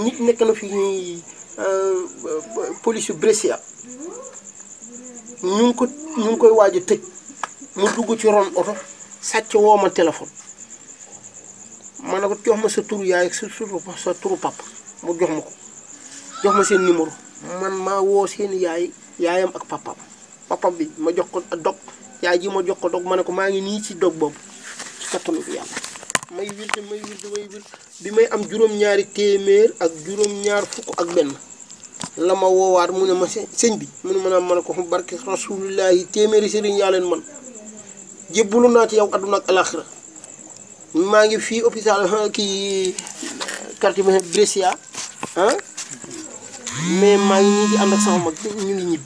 nit nekk na fi ñuy euh, police yu Brescia ñu ko ñu ngi koy waaj a tëj mu dugg ci ron oto sàcc woo ma téléphone ma ne ko jox ma sa turu yaay ak sa turu sa turu papa mu jox ma ko jox ma seen numéro man maa woo seen yaay yaayam ak papaam papaam bi ma jox ko dog yaay ji ma jox ko dog ma ne ko maa ngi nii ci dog boobu ci kattanu yàlla. may wird may wird may wird bi may am juróom-ñaari téeméer ak juróom-ñaar fukk ak benn la ma woowaat mu ne ma sëñ bi mu ne ma naan ma ne ko barke rasulillahi téeméeri sëriñ yaa leen man jébbalu naa ci yow àdduna ak alaxira maa ngi fii hôpital ah, kii quartier Brescia ah mais maa ngi ñu ngi ànd ak sama mag ñu ngi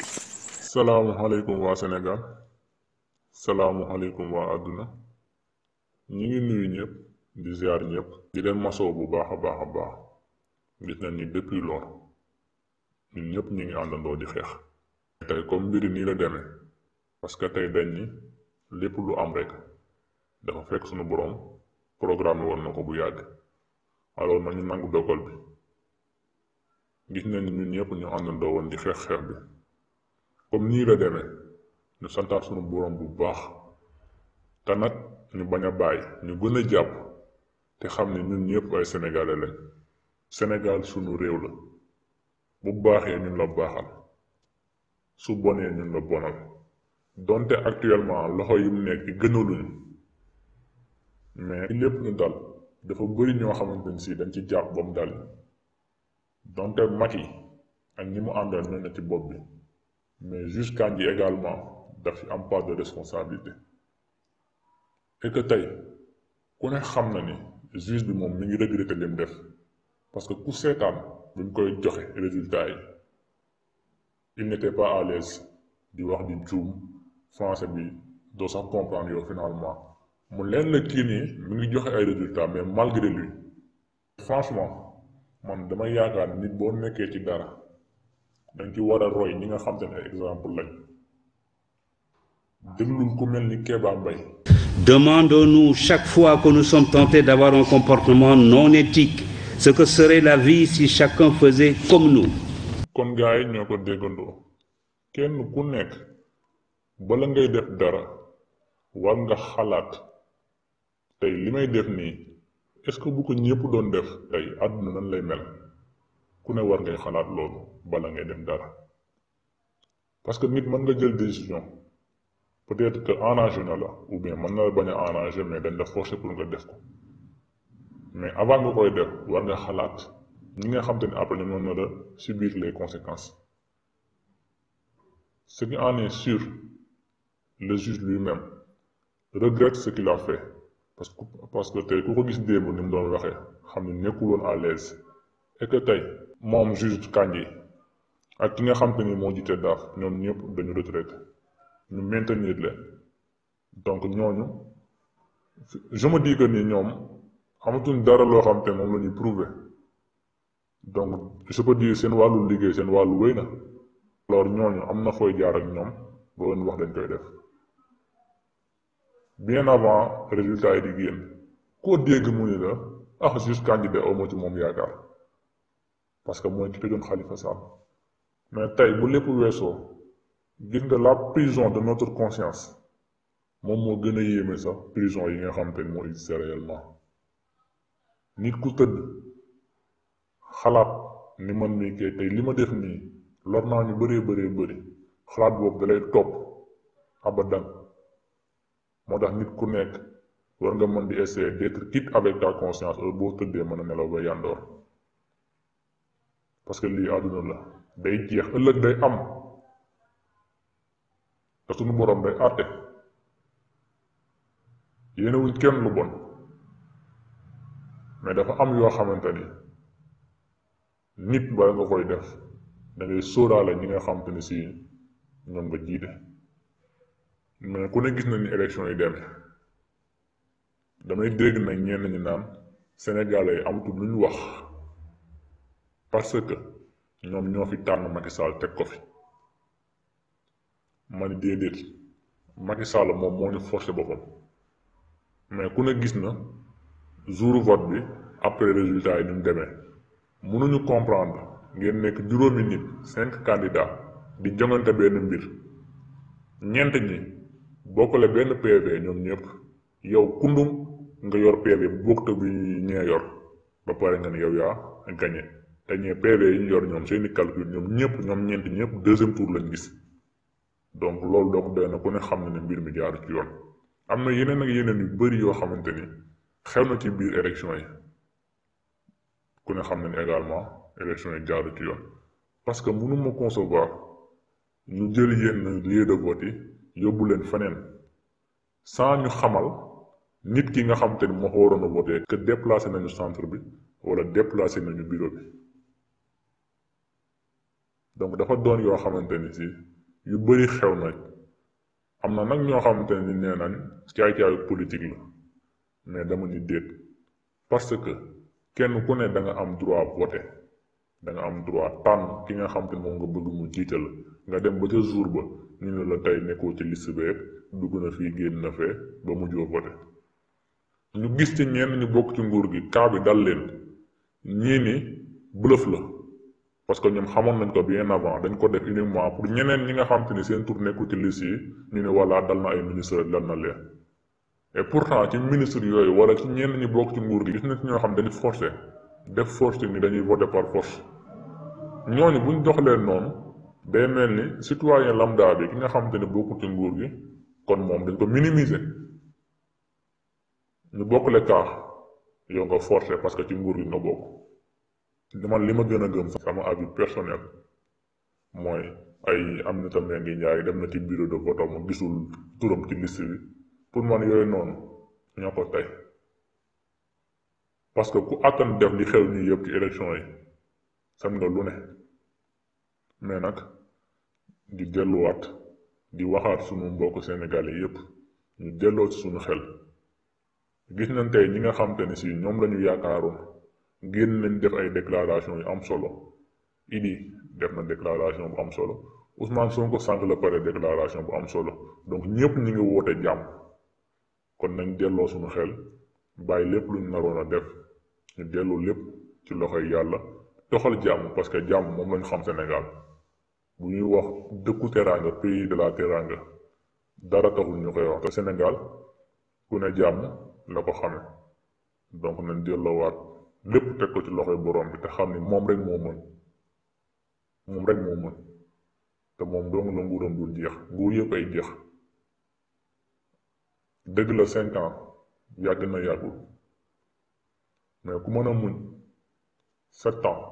ñibbi. di ziar ñëpp di leen masoo bu baax a baax a baax gis nañ ni depuis lool ñun ñëpp ñu ngi àndandoo di xeex tey comme mbiri nii la deme parce que tey dañ ni lépp lu am rek dafa fekk suñu boroom programme woon na ko bu yàgg alors ñu nangu dogal bi gis nañ ni ñun ñëpp ñu àndandoo woon di xeex xeex bi comme nii la demee ñu santaat suñu boroom bu baax te nag ñu bañ a bàyyi ñu gën a jàpp te xam ne ñun ñëpp ay sénégalais lañ Sénégal sunu réew la bu baaxee ñun la baaxal su bonee ñun la bonal donte actuellement loxo yi mu nekk gënaluñu mais lépp ñu dal dafa bëri ñoo xamante ni si dañ ci jàpp ba mu dal donte mag yi ak ñi mu àndal ñoo ne ci bopp bi mais juge Kandji également daf ci am part de responsabilité et que tey ku ne xam na ni. juge bi moom mu ngi regretté li mu def parce que ku seetaan bi mu koy joxe résultat yi il n'était pas à di wax di juum français bi doo sax comprendre yow finalement mu leen la kii nii mu ngi joxe ay résultats mais malgré lui franchement man damay yaakaar nit boo nekkee ci dara dañ ci war a roy ñi nga xam te ne exemple lañ déglul ku mel ni Kéba Mbaye Demandons-nous chaque fois que nous sommes tentés d'avoir un comportement non éthique ce que serait la vie si chaque faisait comme nous. kon gars yi ñoo ko déggandoo kenn ku nekk bala ngay def dara war nga xalaat tey li may def nii est-ce que bu ko ñépp doon def tey àdduna nan lay mel ku ne war ngay xalaat loolu bala ngay def dara parce que nit mën nga jël décision. peut-être que arrangé na la ou bien mën na la bañ a arrangé mais dañ la forcer pour nga def ko mais avant nga koy def war nga xalaat ñi nga xam te ne après ñoom ñoo la subir les conséquences ce qui en est sûr le juge lui-même regrette ce qu'il a fait parce que parce que tey ku ko gis démb ni mu doon waxee xam ne nekkul woon à l'aise et tey moom juge Kandji ak ki nga xam te ni moo jiite daaf ñoom ñëpp dañu retraité ñu maintenir leen donc ñooñu je me ñoom amatuñ dara loo xam te moom la ñuy prouver donc je peux dire seen wàllu liggéey seen wàllu wéy na alors ñooñu am na fooy jaar ak ñoom boo wax dañ koy def bien avant résultat yi di génn koo dégg mu ni la ah juste candidat au moo ci moom yaakaar parce que mooy ki tëjoon Khalifa Sall mais tey bu lépp weesoo gis nga la prison de notre conscience moom moo gën a yéeme sax prison yi nga xam te moo existe réellement nit ku tëdd xalaat ni man mii kay tey li ma def nii lor naa ñu bëree bëree bëri xalaat boobu dalay topp abadan moo tax nit ku nekk war nga mën di essayer d'être quitte avec ta conscience heure boo tëddee mën a nelaw ba yandoor parce que lii àdduna la day jeex ëllëg day am te suñu borom ba àtte yéenewuñ kenn lu bon mais dafa am yoo xamante ni nit bala nga koy def da ngay sóoraale ñi nga xamante si ñoom nga jiite mais ku ne gis na ni élection yi dem damay dégg na ñenn ñi naan sénégalais yi amatul lu ñu wax parce que ñoom ñoo fi tànn Macky Sall teg ko fi ma ni déedéet Macky Sall moom moo ñu forcé boppam mais ku ne gis na jour vote bi après résultat yi ni mu demee mënuñu comprendre ngeen nekk juróomi nit cinq candidats di jongante benn mbir ñeent ñi bokkale benn PV ñoom ñëpp yow kundum nga yor PV bu bokk te bi ñee yor ba pare nga ne yow yaa gagné te ñee PV yi ñu yor ñoom seeni calcul ñoom ñëpp ñoom ñeent ñëpp deuxième tour lañ gis donc loolu donc doy na ku ne xam na ne mbir mi jaaru ci yoon am na yeneen ak yeneen yu bëri yoo xamante ni xew na ci biir élection yi ku ne xam na ne également élection yi jaaru ci yoon parce que mënu ma concevoir ñu jël yenn lieu de vote yi yóbbu leen feneen sans ñu xamal nit ki nga xamante te ni moo ko waroon a voté que déplacé nañu centre bi wala déplacé nañu bureau bi donc dafa doon yoo xamante ni si yu bari xew na am na nag ñoo xamante ni nee nañ caay-caayu politique la mais dama ni déet parce que kenn ku ne da am droit voter da am droit tànn ki nga xam te moom nga bëgg mu jiital nga dem ba ca jour ba ñu ne la tey nekkoo ci liste beeg dugg na fii génn na fee ba mujjoo voter ñu gis ci ñenn ñu bokk ci nguur gi kaa bi dal leen ñii ni bluff la parce que ñoom xamoon nañ ko bien avant dañ ko def uniquement pour ñeneen ñi nga xam te ni seen tour nekkul ci liste yi ñu ne voilà dal na ay ministre dal na leen et pourtant ci ministre yooyu wala ci ñeen ñi bokk ci nguur gi gis na ci ñoo xam dañu force def force ni dañuy voter par force ñooñu buñ dox leen noonu day mel ni citoyen lambda bi ki nga xam te ne bokkul ci nguur gi kon moom dañ ko minimiser ñu bokk le kaax yow nga forcé parce que ci nguur gi nga bokk man li ma gën a gëm sama avis personnel mooy ay am na tam ngi njaay dem na ci bureau de vote ma gisul turam ci liste bi pour man yooyu noonu ñoo ko tey parce que ku àttan def li xew nii yëpp ci élection yi san nga lu ne mais nag di delluwaat di waxaat sunu mbokk sénégalais yépp ñu delloo ci sunu xel gis nañ tey ñi nga xam te si ñoom lañu yaakaaroon génn nañ def ay déclaration yu am solo Idi def na déclaration bu am solo Ousmane Sonko sànq la pare déclaration bu am solo donc ñëpp ñu ngi woote jàmm kon nañ delloo suñu xel bàyyi lépp luñ naroon a def ñu delloo lépp ci loxoy yàlla doxal jàmm parce que jàmm moom lañ xam Sénégal bu ñuy wax dëkku teraanga pays de la teraanga dara taxul ñu koy wax Sénégal ku ne jàmm la ko xame donc nañ delloowaat. lépp teg ko ci loxo borom bi te xam ne moom rek moo mën moom rek moo mën te moom dong la nguuram dul jeex nguur yëpp ay jeex dëgg la cinq ans yàgg na yàggul mais ku mën a muñ sept ans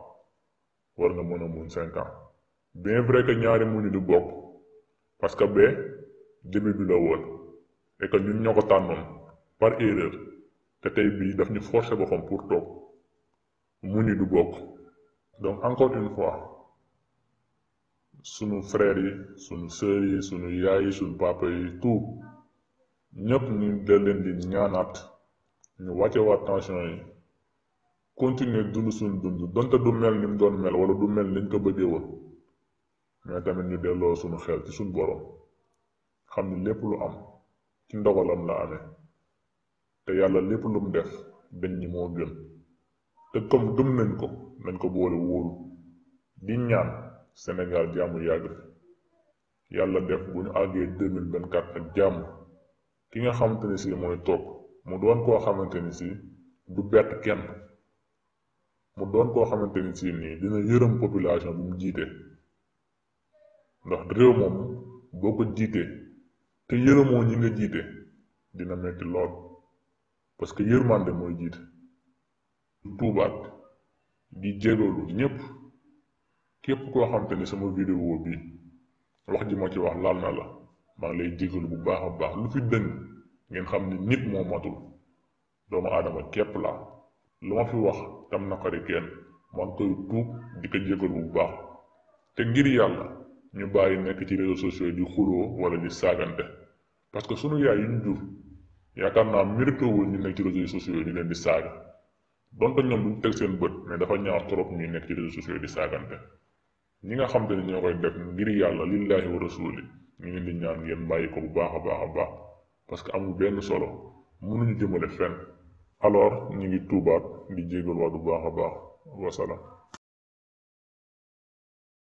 war nga mën a muñ cinq ans bien vrai que ñaari muñu du bokk parce que bee début bi la woon et que ñun ñoo ko tànnoon par erreur te tey bii daf ñu forcer boppam pour toog mu ni du bokk donc encore une fois sunu frères yi sunu sœurs yi sunu yaay yi sunu papa yi tout ñëpp ñu da leen di ñaanaat ñu wàcce waat tension yi continuer dund suñu dund donte du mel ni mu doon mel wala du mel ni ñu ko bëggee woon mais tamit ñu delloo suñu xel ci suñu borom xam ni lépp lu am ci ndogalam la amee te yàlla lépp lu mu def benn ñi moo gën te comme gëm nañ ko nañ ko boole wóolu di ñaan Sénégal jàmm yàgg fi yàlla def bu ñu àggee deux mille vingt ak jàmm ki nga xamante ni si mooy toog mu doon koo xamante ni si du bett kenn mu doon koo xamante ni si nii dina yërëm population bi mu jiite ndax réew moom boo ko jiitee te yërëmoo ñi nga jiite dina metti lool parce que mooy jiit tuubaat di jégalu ñépp képp koo xamante ni sama vidéo bi wax ji ma ci wax laal na la maa ngi lay jégalu bu baax a baax lu fi dëng ngeen xam ni nit moo matul doomu aadama képp la lu ma fi wax tam naqari kenn maa ngi koy tuub di ko jégalu bu baax te ngir yàlla ñu bàyyi nekk ci réseaux sociaux di xuloo wala di saagante parce que sunu yaay yu ñu jur yaakaar naa mérito wul ñu nekk ci réseaux sociaux ñu leen di saaga donte ñoom ñu teg seen bët mais dafa ñaaw trop ñuy nekk ci réseaux sociaux di saagante ñi nga xam te ne ñoo koy def ngir yàlla lillahi wa rasuli ñu ngi di ñaan ngeen bàyyi ko bu baax a baax a baax parce que amul benn solo mënuñu jëmale fenn alors ñu ngi tuubaat di jégal waa du baax a baax wasalaam